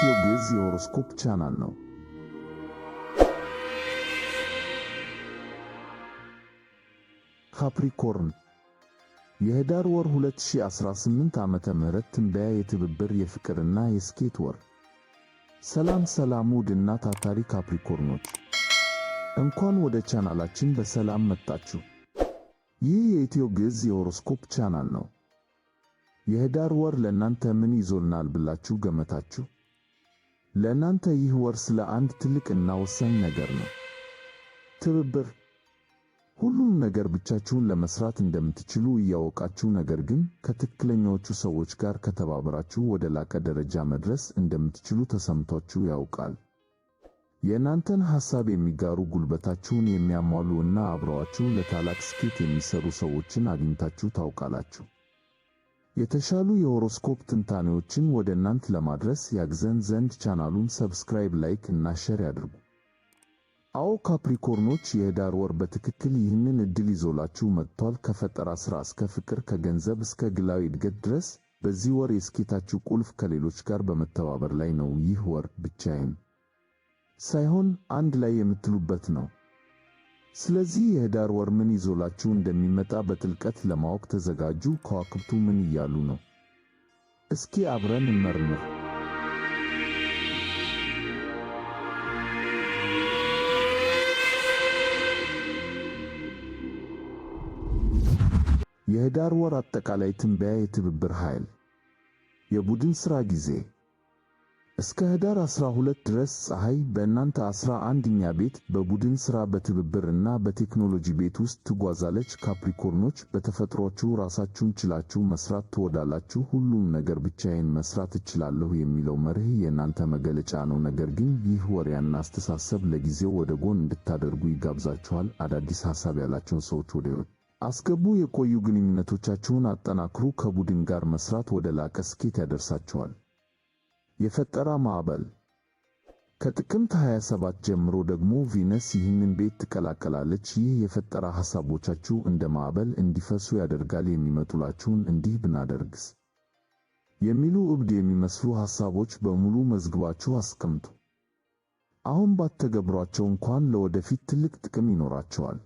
ጊዮርጊስ የሆሮስኮፕ ቻናል ነው። ካፕሪኮርን የህዳር ወር 2018 ዓመተ ምህረት ትንበያ የትብብር የፍቅርና የስኬት ወር። ሰላም ሰላም! ውድና ታታሪ ካፕሪኮርኖች እንኳን ወደ ቻናላችን በሰላም መጣችሁ። ይህ የኢትዮ ግዕዝ የሆሮስኮፕ ቻናል ነው። የህዳር ወር ለእናንተ ምን ይዞልናል ብላችሁ ገመታችሁ? ለእናንተ ይህ ወርስ ለአንድ ትልቅና ወሳኝ ነገር ነው። ትብብር። ሁሉም ነገር ብቻችሁን ለመስራት እንደምትችሉ እያወቃችሁ፣ ነገር ግን ከትክክለኛዎቹ ሰዎች ጋር ከተባበራችሁ ወደ ላቀ ደረጃ መድረስ እንደምትችሉ ተሰምቷችሁ ያውቃል። የእናንተን ሐሳብ የሚጋሩ ጉልበታችሁን የሚያሟሉ እና አብረዋችሁ ለታላቅ ስኬት የሚሰሩ ሰዎችን አግኝታችሁ ታውቃላችሁ። የተሻሉ የሆሮስኮፕ ትንታኔዎችን ወደ እናንት ለማድረስ ያግዘን ዘንድ ቻናሉን ሰብስክራይብ፣ ላይክ እና ሼር ያድርጉ። አዎ ካፕሪኮርኖች የህዳር ወር በትክክል ይህንን ዕድል ይዞላችሁ መጥቷል። ከፈጠራ ስራ እስከ ፍቅር፣ ከገንዘብ እስከ ግላዊ እድገት ድረስ በዚህ ወር የስኬታችሁ ቁልፍ ከሌሎች ጋር በመተባበር ላይ ነው። ይህ ወር ብቻዬን ሳይሆን አንድ ላይ የምትሉበት ነው። ስለዚህ የህዳር ወር ምን ይዞላችሁ እንደሚመጣ በጥልቀት ለማወቅ ተዘጋጁ። ከዋክብቱ ምን እያሉ ነው? እስኪ አብረን እንመርምር። የህዳር ወር አጠቃላይ ትንበያ፣ የትብብር ኃይል፣ የቡድን ሥራ ጊዜ እስከ ህዳር 12 ድረስ ፀሐይ በእናንተ አስራ አንደኛ ቤት በቡድን ሥራ በትብብር እና በቴክኖሎጂ ቤት ውስጥ ትጓዛለች። ካፕሪኮርኖች በተፈጥሯችሁ ራሳችሁን ችላችሁ መስራት ትወዳላችሁ። ሁሉም ነገር ብቻዬን መስራት እችላለሁ የሚለው መርህ የእናንተ መገለጫ ነው። ነገር ግን ይህ ወሪያና አስተሳሰብ ለጊዜው ወደ ጎን እንድታደርጉ ይጋብዛችኋል። አዳዲስ ሐሳብ ያላቸውን ሰዎች ወደ አስገቡ። የቆዩ ግንኙነቶቻችሁን አጠናክሩ። ከቡድን ጋር መስራት ወደ ላቀ ስኬት ያደርሳችኋል። የፈጠራ ማዕበል። ከጥቅምት 27 ጀምሮ ደግሞ ቪነስ ይህንን ቤት ትቀላቀላለች። ይህ የፈጠራ ሐሳቦቻችሁ እንደ ማዕበል እንዲፈሱ ያደርጋል። የሚመጡላችሁን እንዲህ ብናደርግስ የሚሉ እብድ የሚመስሉ ሐሳቦች በሙሉ መዝግባችሁ አስቀምጡ። አሁን ባትተገብሯቸው እንኳን ለወደፊት ትልቅ ጥቅም ይኖራቸዋል።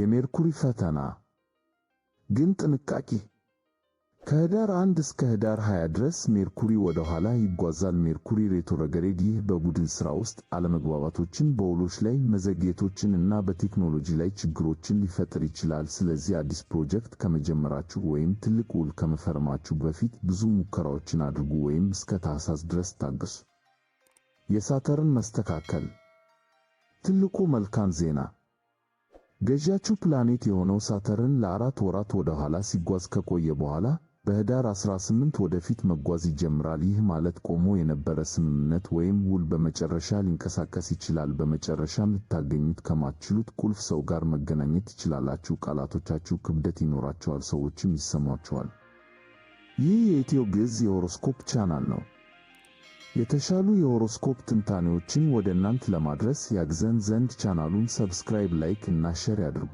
የሜርኩሪ ፈተና ግን ጥንቃቄ ከህዳር 1 እስከ ህዳር 20 ድረስ ሜርኩሪ ወደ ኋላ ይጓዛል። ሜርኩሪ ሬትሮግሬድ ይህ በቡድን ሥራ ውስጥ አለመግባባቶችን፣ በውሎች ላይ መዘግየቶችን እና በቴክኖሎጂ ላይ ችግሮችን ሊፈጥር ይችላል። ስለዚህ አዲስ ፕሮጀክት ከመጀመራችሁ ወይም ትልቅ ውል ከመፈረማችሁ በፊት ብዙ ሙከራዎችን አድርጉ ወይም እስከ ታህሳስ ድረስ ታገሱ። የሳተርን መስተካከል ትልቁ መልካም ዜና ገዣችሁ ፕላኔት የሆነው ሳተርን ለአራት ወራት ወደ ኋላ ሲጓዝ ከቆየ በኋላ በህዳር 18 ወደፊት መጓዝ ይጀምራል። ይህ ማለት ቆሞ የነበረ ስምምነት ወይም ውል በመጨረሻ ሊንቀሳቀስ ይችላል። በመጨረሻም ልታገኙት ከማትችሉት ቁልፍ ሰው ጋር መገናኘት ትችላላችሁ። ቃላቶቻችሁ ክብደት ይኖራቸዋል፣ ሰዎችም ይሰማቸዋል። ይህ የኢትዮ ግዕዝ የሆሮስኮፕ ቻናል ነው። የተሻሉ የሆሮስኮፕ ትንታኔዎችን ወደ እናንት ለማድረስ ያግዘን ዘንድ ቻናሉን ሰብስክራይብ፣ ላይክ እና ሼር ያድርጉ።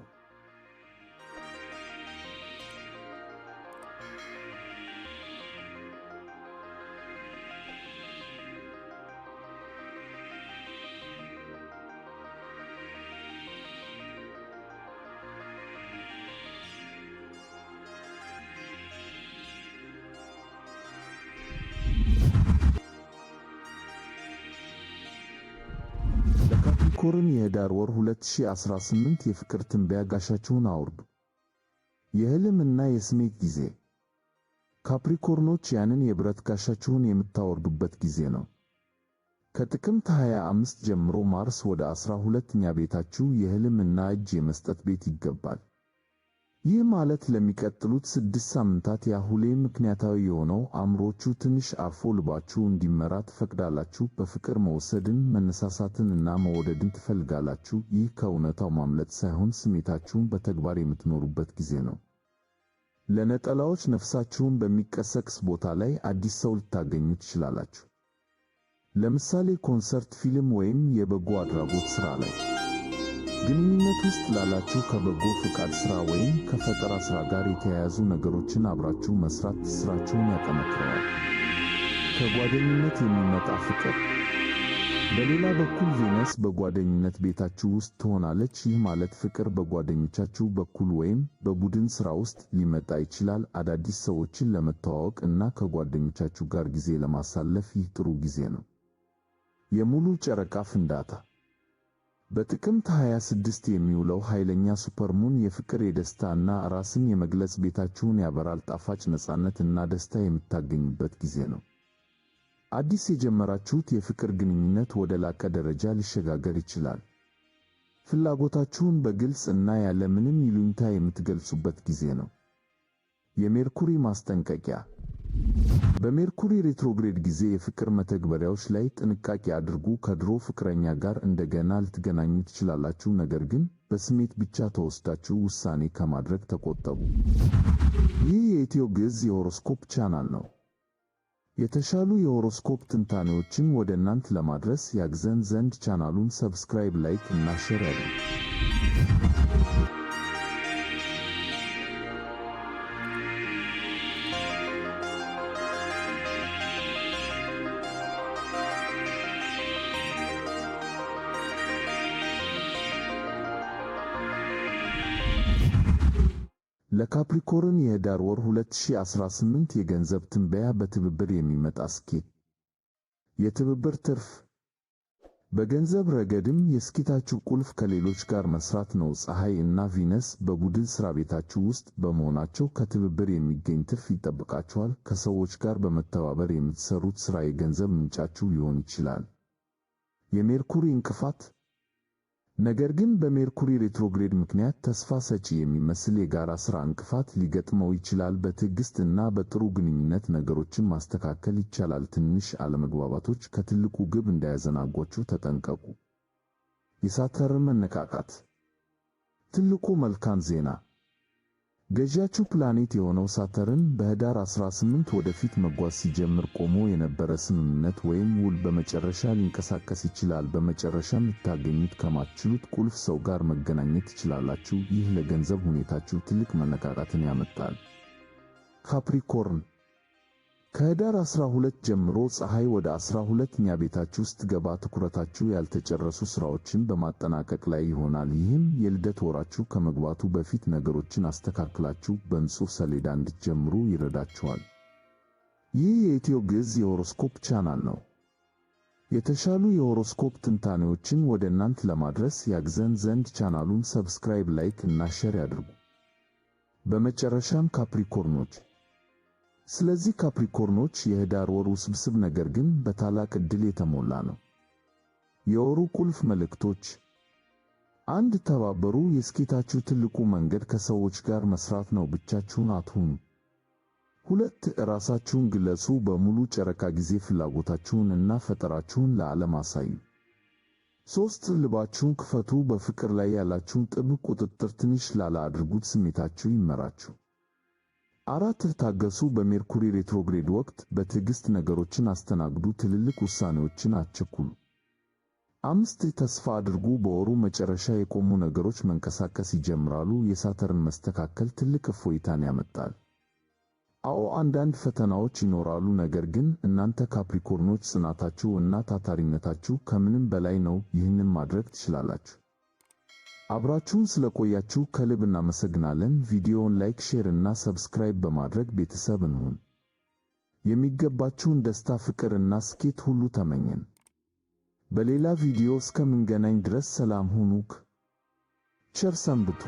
የኩርን የህዳር ወር 2018 የፍቅር ትንበያ ጋሻችሁን አውርዱ። የህልምና የስሜት ጊዜ። ካፕሪኮርኖች ያንን የብረት ጋሻችሁን የምታወርዱበት ጊዜ ነው። ከጥቅምት 25 ጀምሮ ማርስ ወደ 12ኛ ቤታችሁ የህልምና እጅ የመስጠት ቤት ይገባል። ይህ ማለት ለሚቀጥሉት ስድስት ሳምንታት ያሁሌ ምክንያታዊ የሆነው አእምሮቹ ትንሽ አርፎ ልባችሁ እንዲመራ ትፈቅዳላችሁ። በፍቅር መወሰድን መነሳሳትን እና መወደድን ትፈልጋላችሁ። ይህ ከእውነታው ማምለጥ ሳይሆን ስሜታችሁን በተግባር የምትኖሩበት ጊዜ ነው። ለነጠላዎች ነፍሳችሁን በሚቀሰቅስ ቦታ ላይ አዲስ ሰው ልታገኙ ትችላላችሁ። ለምሳሌ ኮንሰርት፣ ፊልም ወይም የበጎ አድራጎት ሥራ ላይ ግንኙነት ውስጥ ላላችሁ ከበጎ ፈቃድ ሥራ ወይም ከፈጠራ ሥራ ጋር የተያያዙ ነገሮችን አብራችሁ መሥራት ሥራችሁን ያጠመክረዋል። ከጓደኝነት የሚመጣ ፍቅር። በሌላ በኩል ቬነስ በጓደኝነት ቤታችሁ ውስጥ ትሆናለች። ይህ ማለት ፍቅር በጓደኞቻችሁ በኩል ወይም በቡድን ሥራ ውስጥ ሊመጣ ይችላል። አዳዲስ ሰዎችን ለመተዋወቅ እና ከጓደኞቻችሁ ጋር ጊዜ ለማሳለፍ ይህ ጥሩ ጊዜ ነው። የሙሉ ጨረቃ ፍንዳታ በጥቅምት 26 የሚውለው ኃይለኛ ሱፐርሙን የፍቅር የደስታ እና ራስን የመግለጽ ቤታችሁን ያበራል። ጣፋጭ ነፃነት እና ደስታ የምታገኙበት ጊዜ ነው። አዲስ የጀመራችሁት የፍቅር ግንኙነት ወደ ላቀ ደረጃ ሊሸጋገር ይችላል። ፍላጎታችሁን በግልጽ እና ያለ ምንም ይሉኝታ የምትገልጹበት ጊዜ ነው። የሜርኩሪ ማስጠንቀቂያ በሜርኩሪ ሬትሮግሬድ ጊዜ የፍቅር መተግበሪያዎች ላይ ጥንቃቄ አድርጉ። ከድሮ ፍቅረኛ ጋር እንደገና ልትገናኙ ትችላላችሁ፣ ነገር ግን በስሜት ብቻ ተወስዳችሁ ውሳኔ ከማድረግ ተቆጠቡ። ይህ የኢትዮ ግዕዝ የሆሮስኮፕ ቻናል ነው። የተሻሉ የሆሮስኮፕ ትንታኔዎችን ወደ እናንት ለማድረስ ያግዘን ዘንድ ቻናሉን ሰብስክራይብ፣ ላይክ እና ሼር ያድርጉ። ለካፕሪኮርን የህዳር ወር 2018 የገንዘብ ትንበያ በትብብር የሚመጣ ስኬት። የትብብር ትርፍ በገንዘብ ረገድም የስኬታችሁ ቁልፍ ከሌሎች ጋር መስራት ነው። ፀሐይ እና ቪነስ በቡድን ሥራ ቤታችሁ ውስጥ በመሆናቸው ከትብብር የሚገኝ ትርፍ ይጠብቃችኋል። ከሰዎች ጋር በመተባበር የምትሰሩት ሥራ የገንዘብ ምንጫችሁ ሊሆን ይችላል። የሜርኩሪ እንቅፋት ነገር ግን በሜርኩሪ ሬትሮግሬድ ምክንያት ተስፋ ሰጪ የሚመስል የጋራ ሥራ እንቅፋት ሊገጥመው ይችላል። በትዕግሥት እና በጥሩ ግንኙነት ነገሮችን ማስተካከል ይቻላል። ትንሽ አለመግባባቶች ከትልቁ ግብ እንዳያዘናጓችሁ ተጠንቀቁ። የሳተርን መነቃቃት ትልቁ መልካም ዜና ገዢያችሁ ፕላኔት የሆነው ሳተርን በህዳር 18 ወደፊት መጓዝ ሲጀምር ቆሞ የነበረ ስምምነት ወይም ውል በመጨረሻ ሊንቀሳቀስ ይችላል። በመጨረሻም ልታገኙት ከማትችሉት ቁልፍ ሰው ጋር መገናኘት ትችላላችሁ። ይህ ለገንዘብ ሁኔታችሁ ትልቅ መነቃቃትን ያመጣል። ካፕሪኮርን ከህዳር 12 ጀምሮ ፀሐይ ወደ 12ኛ ቤታችሁ ስትገባ ትኩረታችሁ ያልተጨረሱ ስራዎችን በማጠናቀቅ ላይ ይሆናል። ይህም የልደት ወራችሁ ከመግባቱ በፊት ነገሮችን አስተካክላችሁ በንጹህ ሰሌዳ እንድትጀምሩ ይረዳችኋል። ይህ የኢትዮ ግዕዝ የሆሮስኮፕ ቻናል ነው። የተሻሉ የሆሮስኮፕ ትንታኔዎችን ወደ እናንት ለማድረስ ያግዘን ዘንድ ቻናሉን ሰብስክራይብ፣ ላይክ እና ሼር ያድርጉ። በመጨረሻም ካፕሪኮርኖች ስለዚህ ካፕሪኮርኖች የህዳር ወር ውስብስብ ነገር ግን በታላቅ ዕድል የተሞላ ነው። የወሩ ቁልፍ መልእክቶች አንድ ተባበሩ። የስኬታችሁ ትልቁ መንገድ ከሰዎች ጋር መስራት ነው። ብቻችሁን አትሁኑ። ሁለት ራሳችሁን ግለጹ። በሙሉ ጨረቃ ጊዜ ፍላጎታችሁን እና ፈጠራችሁን ለዓለም አሳዩ። ሶስት ልባችሁን ክፈቱ። በፍቅር ላይ ያላችሁን ጥብቅ ቁጥጥር ትንሽ ላላ አድርጉት። ስሜታችሁ ይመራችሁ። አራት ታገሱ። በሜርኩሪ ሬትሮግሬድ ወቅት በትዕግስት ነገሮችን አስተናግዱ። ትልልቅ ውሳኔዎችን አትቸኩሉ። አምስት ተስፋ አድርጉ። በወሩ መጨረሻ የቆሙ ነገሮች መንቀሳቀስ ይጀምራሉ። የሳተርን መስተካከል ትልቅ እፎይታን ያመጣል። አዎ አንዳንድ ፈተናዎች ይኖራሉ፣ ነገር ግን እናንተ ካፕሪኮርኖች ጽናታችሁ እና ታታሪነታችሁ ከምንም በላይ ነው። ይህንን ማድረግ ትችላላችሁ። አብራችሁን ስለቆያችሁ ከልብ እናመሰግናለን። ቪዲዮውን ላይክ፣ ሼር እና ሰብስክራይብ በማድረግ ቤተሰብ እንሁን። የሚገባችሁን ደስታ፣ ፍቅር እና ስኬት ሁሉ ተመኘን። በሌላ ቪዲዮ እስከምንገናኝ ድረስ ሰላም ሁኑክ። ቸር ሰንብቱ።